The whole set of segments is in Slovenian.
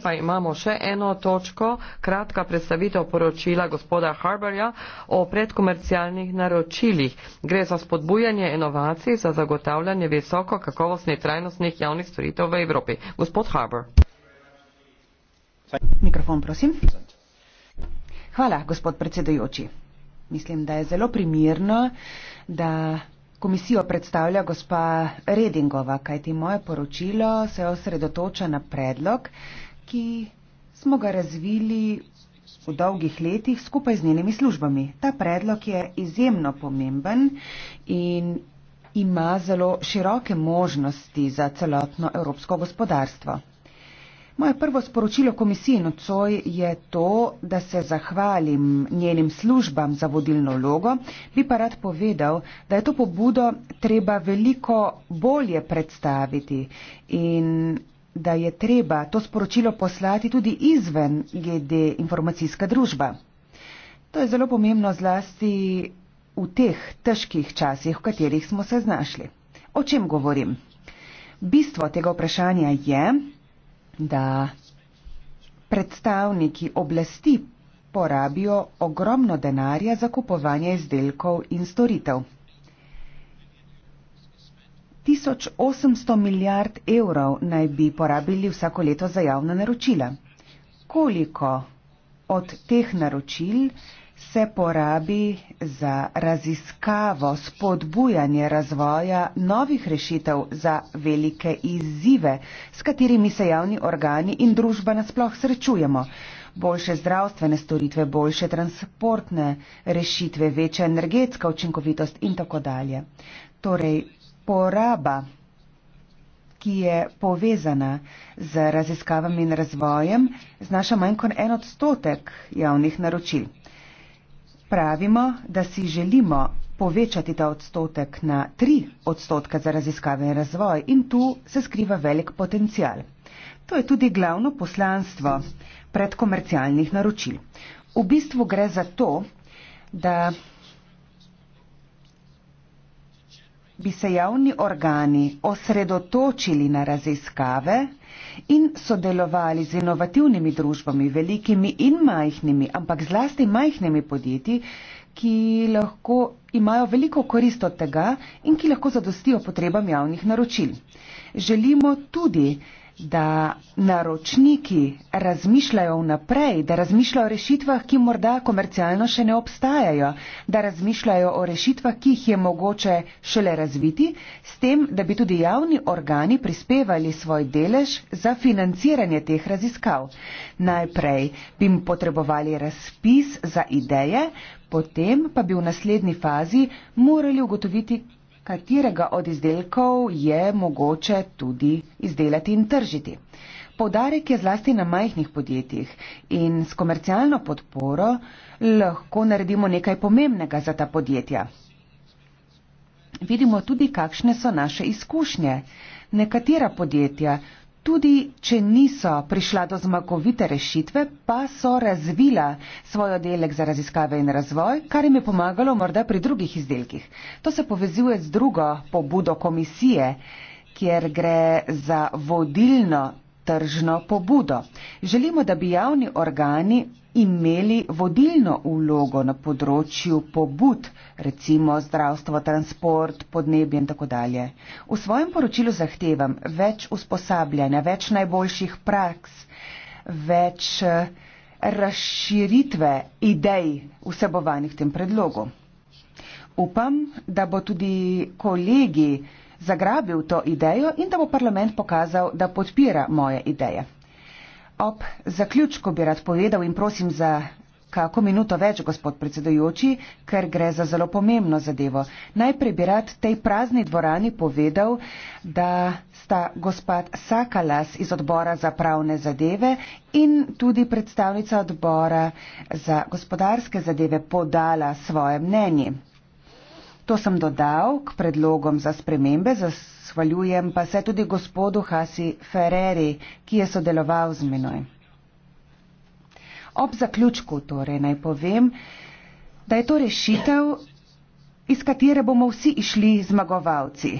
pa imamo še eno točko, kratka predstavitev poročila gospoda Harberja o predkomercialnih naročilih. Gre za spodbujanje inovacij za zagotavljanje visoko kakovostnih trajnostnih javnih storitev v Evropi. Gospod Harber. Mikrofon, prosim. Hvala, gospod predsedujoči. Mislim, da je zelo primirno, da komisijo predstavlja gospa Redingova, kajti moje poročilo se osredotoča na predlog, ki smo ga razvili v dolgih letih skupaj z njenimi službami. Ta predlog je izjemno pomemben in ima zelo široke možnosti za celotno evropsko gospodarstvo. Moje prvo sporočilo komisiji nocoj je to, da se zahvalim njenim službam za vodilno logo, bi pa rad povedal, da je to pobudo treba veliko bolje predstaviti in da je treba to sporočilo poslati tudi izven GD informacijska družba. To je zelo pomembno zlasti v teh težkih časih, v katerih smo se znašli. O čem govorim? Bistvo tega vprašanja je, da predstavniki oblasti porabijo ogromno denarja za kupovanje izdelkov in storitev. 1800 milijard evrov naj bi porabili vsako leto za javna naročila. Koliko od teh naročil se porabi za raziskavo, spodbujanje razvoja novih rešitev za velike izzive, s katerimi se javni organi in družba nasploh srečujemo? Boljše zdravstvene storitve, boljše transportne rešitve, večja energetska učinkovitost in tako dalje. Torej, poraba, ki je povezana z raziskavami in razvojem, znaša manj kot en odstotek javnih naročil. Pravimo, da si želimo povečati ta odstotek na 3 odstotka za raziskave in razvoj in tu se skriva velik potencial. To je tudi glavno poslanstvo predkomercialnih naročil. V bistvu gre za to, da bi se javni organi osredotočili na raziskave in sodelovali z inovativnimi družbami, velikimi in majhnimi, ampak zlasti majhnimi podjetji, ki lahko imajo veliko korist od tega in ki lahko zadostijo potrebam javnih naročil. Želimo tudi, da naročniki razmišljajo vnaprej, da razmišljajo o rešitvah, ki morda komercialno še ne obstajajo, da razmišljajo o rešitvah, ki jih je mogoče šele razviti, s tem, da bi tudi javni organi prispevali svoj delež za financiranje teh raziskav. Najprej bi jim potrebovali razpis za ideje, potem pa bi v naslednji fazi morali ugotoviti, katerega od izdelkov je mogoče tudi izdelati in tržiti. Podarek je zlasti na majhnih podjetjih in s komercialno podporo lahko naredimo nekaj pomembnega za ta podjetja. Vidimo tudi, kakšne so naše izkušnje. Nekatera podjetja tudi če niso prišla do zmagovite rešitve, pa so razvila svoj oddelek za raziskave in razvoj, kar jim je pomagalo morda pri drugih izdelkih. To se povezuje z drugo pobudo komisije, kjer gre za vodilno tržno pobudo. Želimo, da bi javni organi imeli vodilno ulogo na področju pobud, recimo zdravstvo, transport, podnebje in tako dalje. V svojem poročilu zahtevam več usposabljanja, več najboljših praks, več eh, razširitve idej vsebovanih v tem predlogu. Upam, da bo tudi kolegi zagrabil to idejo in da bo parlament pokazal, da podpira moje ideje. Ob zaključku bi rad povedal in prosim za kako minuto več, gospod predsedujoči, ker gre za zelo pomembno zadevo. Najprej bi rad tej prazni dvorani povedal, da sta gospod Sakalas iz odbora za pravne zadeve in tudi predstavnica odbora za gospodarske zadeve podala svoje mnenje. To sem dodal k predlogom za spremembe, zasvaljujem pa se tudi gospodu Hasi Ferreri, ki je sodeloval z menoj. Ob zaključku torej naj povem, da je to rešitev, iz katere bomo vsi išli zmagovalci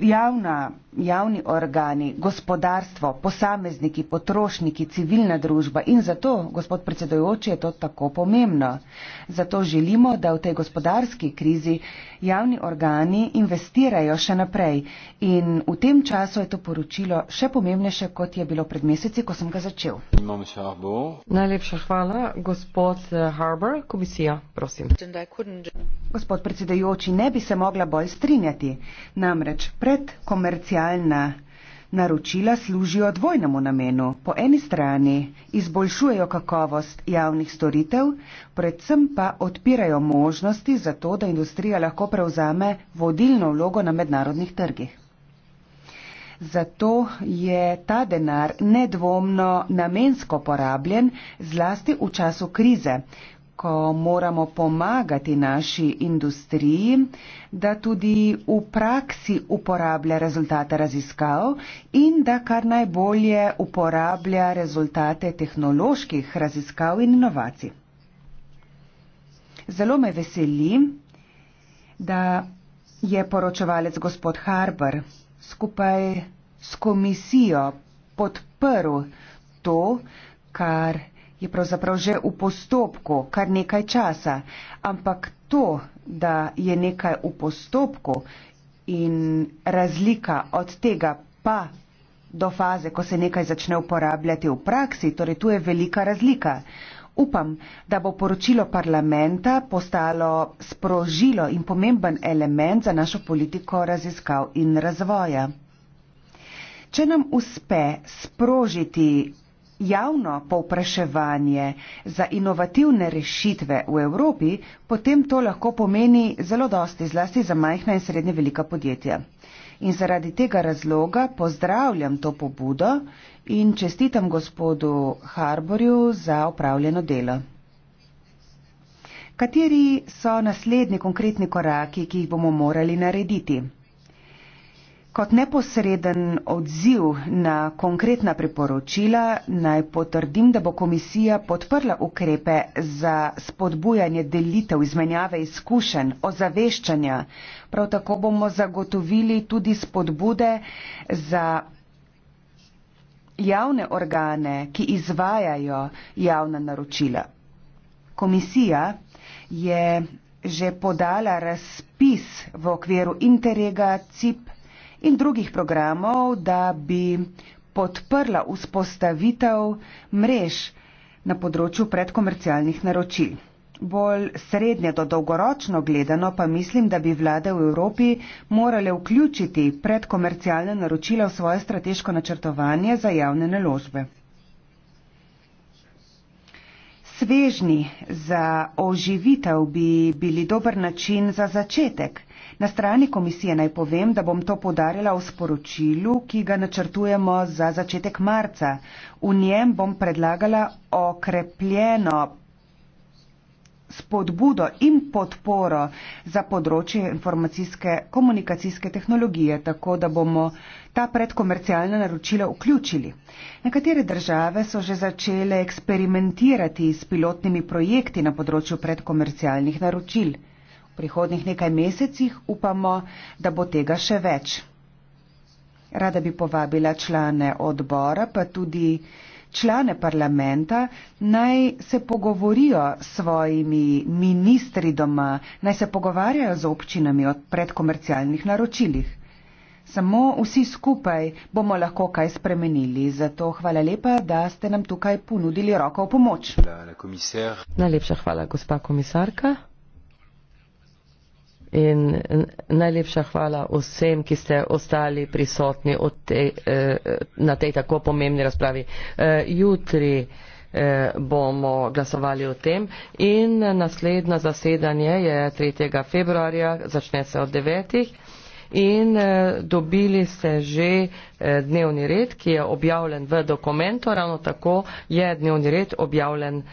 javna, javni organi, gospodarstvo, posamezniki, potrošniki, civilna družba in zato, gospod predsedojoči, je to tako pomembno. Zato želimo, da v tej gospodarski krizi javni organi investirajo še naprej in v tem času je to poročilo še pomembnejše, kot je bilo pred meseci, ko sem ga začel. Najlepša hvala, gospod eh, Harbour, komisija, prosim. Gospod predsedojoči, ne bi se mogla bolj strinjati. Namreč predkomercialna naročila služijo dvojnemu namenu. Po eni strani izboljšujejo kakovost javnih storitev, predvsem pa odpirajo možnosti za to, da industrija lahko prevzame vodilno vlogo na mednarodnih trgih. Zato je ta denar nedvomno namensko porabljen, zlasti v času krize, ko moramo pomagati naši industriji, da tudi v praksi uporablja rezultate raziskav in da kar najbolje uporablja rezultate tehnoloških raziskav in inovacij. Zelo me veseli, da je poročevalec gospod Harbor skupaj s komisijo podprl to, kar je pravzaprav že v postopku kar nekaj časa, ampak to, da je nekaj v postopku in razlika od tega pa do faze, ko se nekaj začne uporabljati v praksi, torej tu je velika razlika. Upam, da bo poročilo parlamenta postalo sprožilo in pomemben element za našo politiko raziskav in razvoja. Če nam uspe sprožiti javno povpraševanje za inovativne rešitve v Evropi, potem to lahko pomeni zelo dosti, zlasti za majhna in srednje velika podjetja. In zaradi tega razloga pozdravljam to pobudo in čestitam gospodu Harborju za opravljeno delo. Kateri so naslednji konkretni koraki, ki jih bomo morali narediti? Kot neposreden odziv na konkretna priporočila naj potrdim, da bo komisija podprla ukrepe za spodbujanje delitev izmenjave izkušenj, ozaveščanja. Prav tako bomo zagotovili tudi spodbude za javne organe, ki izvajajo javna naročila. Komisija je že podala razpis v okviru Interega CIP 2020-2021 in drugih programov, da bi podprla vzpostavitev mrež na področju predkomercialnih naročil. Bolj srednje do dolgoročno gledano pa mislim, da bi vlade v Evropi morale vključiti predkomercialne naročila v svoje strateško načrtovanje za javne naložbe. Svežni za oživitev bi bili dober način za začetek. Na strani komisije naj povem, da bom to podarila v sporočilu, ki ga načrtujemo za začetek marca. V njem bom predlagala okrepljeno spodbudo in podporo za področje informacijske komunikacijske tehnologije, tako da bomo ta predkomercialna naročila vključili. Nekatere države so že začele eksperimentirati s pilotnimi projekti na področju predkomercialnih naročil prihodnih nekaj mesecih upamo, da bo tega še več. Rada bi povabila člane odbora, pa tudi člane parlamenta, naj se pogovorijo s svojimi ministri doma, naj se pogovarjajo z občinami o predkomercialnih naročilih. Samo vsi skupaj bomo lahko kaj spremenili, zato hvala lepa, da ste nam tukaj ponudili roko v pomoč. La, la Najlepša hvala, gospa komisarka in najlepša hvala vsem, ki ste ostali prisotni te, eh, na tej tako pomembni razpravi. Eh, jutri eh, bomo glasovali o tem in naslednje zasedanje je 3. februarja, začne se od 9. In dobili ste že dnevni red, ki je objavljen v dokumentu, ravno tako je dnevni red objavljen.